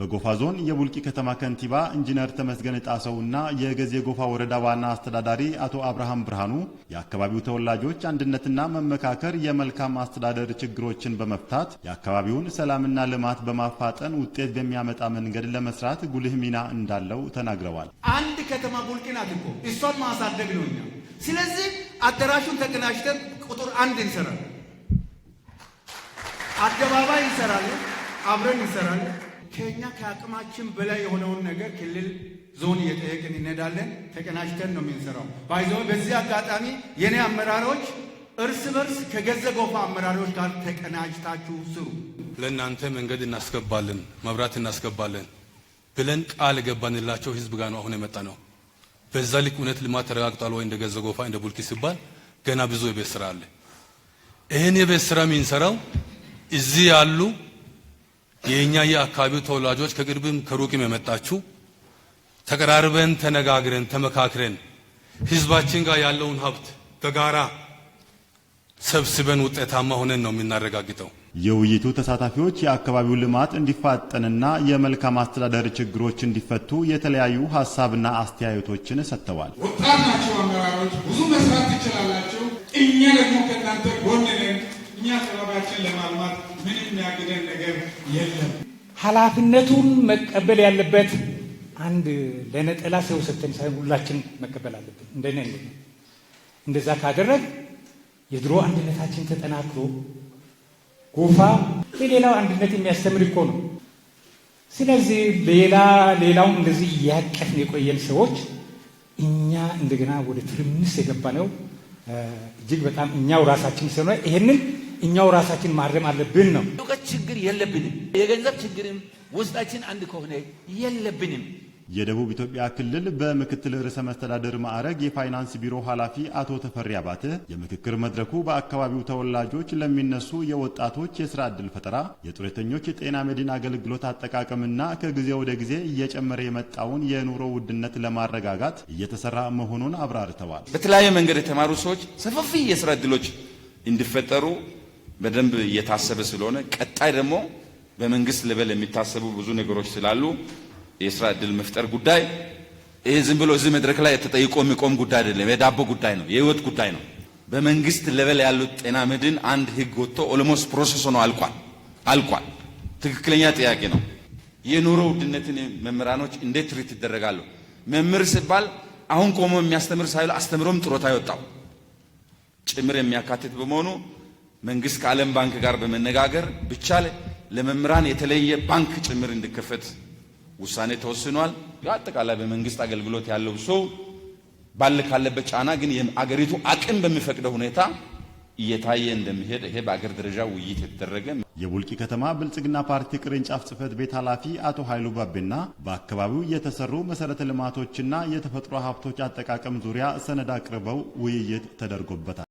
በጎፋ ዞን የቡልቂ ከተማ ከንቲባ ኢንጂነር ተመስገን ጣሰውና የገዜ ጎፋ ወረዳ ዋና አስተዳዳሪ አቶ አብርሃም ብርሃኑ የአካባቢው ተወላጆች አንድነትና መመካከር የመልካም አስተዳደር ችግሮችን በመፍታት የአካባቢውን ሰላምና ልማት በማፋጠን ውጤት በሚያመጣ መንገድ ለመስራት ጉልህ ሚና እንዳለው ተናግረዋል። አንድ ከተማ ቡልቂ ናት እኮ እሷን ማሳደግ ነው እኛ። ስለዚህ አዳራሹን ተቀናጅተን ቁጥር አንድ እንሰራለን፣ አደባባይ እንሰራለን፣ አብረን እንሰራለን ከኛ ከአቅማችን በላይ የሆነውን ነገር ክልል ዞን እየጠየቅን እንሄዳለን። ተቀናጅተን ነው የምንሰራው። ባይዞ በዚህ አጋጣሚ የኔ አመራሮች እርስ በርስ ከገዘ ጎፋ አመራሮች ጋር ተቀናጅታችሁ ስሩ። ለእናንተ መንገድ እናስገባለን፣ መብራት እናስገባለን ብለን ቃል ገባንላቸው ህዝብ ጋር ነው አሁን የመጣ ነው። በዛ ልክ እውነት ልማት ተረጋግጧል ወይ እንደ ገዘ ጎፋ እንደ ቡልኪ ሲባል ገና ብዙ የቤት ስራ አለ። ይህን የቤት ስራ የምንሰራው እዚህ ያሉ የእኛ የአካባቢው ተወላጆች ከቅርብም ከሩቅም የመጣችሁ ተቀራርበን ተነጋግረን ተመካክረን ህዝባችን ጋር ያለውን ሀብት በጋራ ሰብስበን ውጤታማ ሆነን ነው የምናረጋግጠው። የውይይቱ ተሳታፊዎች የአካባቢው ልማት እንዲፋጠንና የመልካም አስተዳደር ችግሮች እንዲፈቱ የተለያዩ ሀሳብና አስተያየቶችን ሰጥተዋል። ወጣት ናቸው አመራሮች፣ ብዙ መስራት ትችላላቸው። እኛ ደግሞ ከእናንተ ጎን ነን። እኛ አካባቢያችን ለማልማት የሚያግደን ነገር የለም። ኃላፊነቱን መቀበል ያለበት አንድ ለነጠላ ሰው ሰተን ሳይሆን ሁላችን መቀበል አለብን። እንደኔ እንደዛ ካደረግ የድሮ አንድነታችን ተጠናክሮ ጎፋ ለሌላው አንድነት የሚያስተምር እኮ ነው። ስለዚህ ሌላ ሌላውን እንደዚህ እያቀፍን የቆየን ሰዎች እኛ እንደገና ወደ ትርምስ የገባ ነው እጅግ በጣም እኛው ራሳችን ስለሆነ ይሄንን እኛው ራሳችን ማረም አለብን ነው። እውቀት ችግር የለብንም። የገንዘብ ችግርም ውስጣችን አንድ ከሆነ የለብንም። የደቡብ ኢትዮጵያ ክልል በምክትል ርዕሰ መስተዳደር ማዕረግ የፋይናንስ ቢሮ ኃላፊ አቶ ተፈሪ አባተ የምክክር መድረኩ በአካባቢው ተወላጆች ለሚነሱ የወጣቶች የስራ ዕድል ፈጠራ፣ የጡረተኞች የጤና መድን አገልግሎት አጠቃቀምና ከጊዜ ወደ ጊዜ እየጨመረ የመጣውን የኑሮ ውድነት ለማረጋጋት እየተሰራ መሆኑን አብራርተዋል። በተለያየ መንገድ የተማሩ ሰዎች ሰፋፊ የስራ ዕድሎች እንዲፈጠሩ በደንብ እየታሰበ ስለሆነ ቀጣይ ደግሞ በመንግስት ልበል የሚታሰቡ ብዙ ነገሮች ስላሉ የስራ እድል መፍጠር ጉዳይ ይህ ዝም ብሎ እዚህ መድረክ ላይ ተጠይቆ የሚቆም ጉዳይ አይደለም። የዳቦ ጉዳይ ነው፣ የህይወት ጉዳይ ነው። በመንግስት ለበል ያሉት ጤና ምድን አንድ ህግ ወጥቶ ኦልሞስት ፕሮሰስ ሆኖ አልቋል አልቋል። ትክክለኛ ጥያቄ ነው። የኑሮ ውድነትን መምህራኖች እንዴት ትሪት ይደረጋሉ? መምህር ሲባል አሁን ቆሞ የሚያስተምር ሳይሉ አስተምሮም ጥሮት ይወጣው ጭምር የሚያካትት በመሆኑ መንግስት ከዓለም ባንክ ጋር በመነጋገር ብቻ ለመምህራን የተለየ ባንክ ጭምር እንዲከፈት ውሳኔ ተወስኗል። አጠቃላይ በመንግስት አገልግሎት ያለው ሰው ባለ ካለበት ጫና ግን የአገሪቱ አቅም በሚፈቅደው ሁኔታ እየታየ እንደሚሄድ ይሄ በአገር ደረጃ ውይይት የተደረገ የቡልቂ ከተማ ብልጽግና ፓርቲ ቅርንጫፍ ጽህፈት ቤት ኃላፊ አቶ ኃይሉ ባቤና በአካባቢው የተሰሩ መሰረተ ልማቶችና የተፈጥሮ ሀብቶች አጠቃቀም ዙሪያ ሰነድ አቅርበው ውይይት ተደርጎበታል።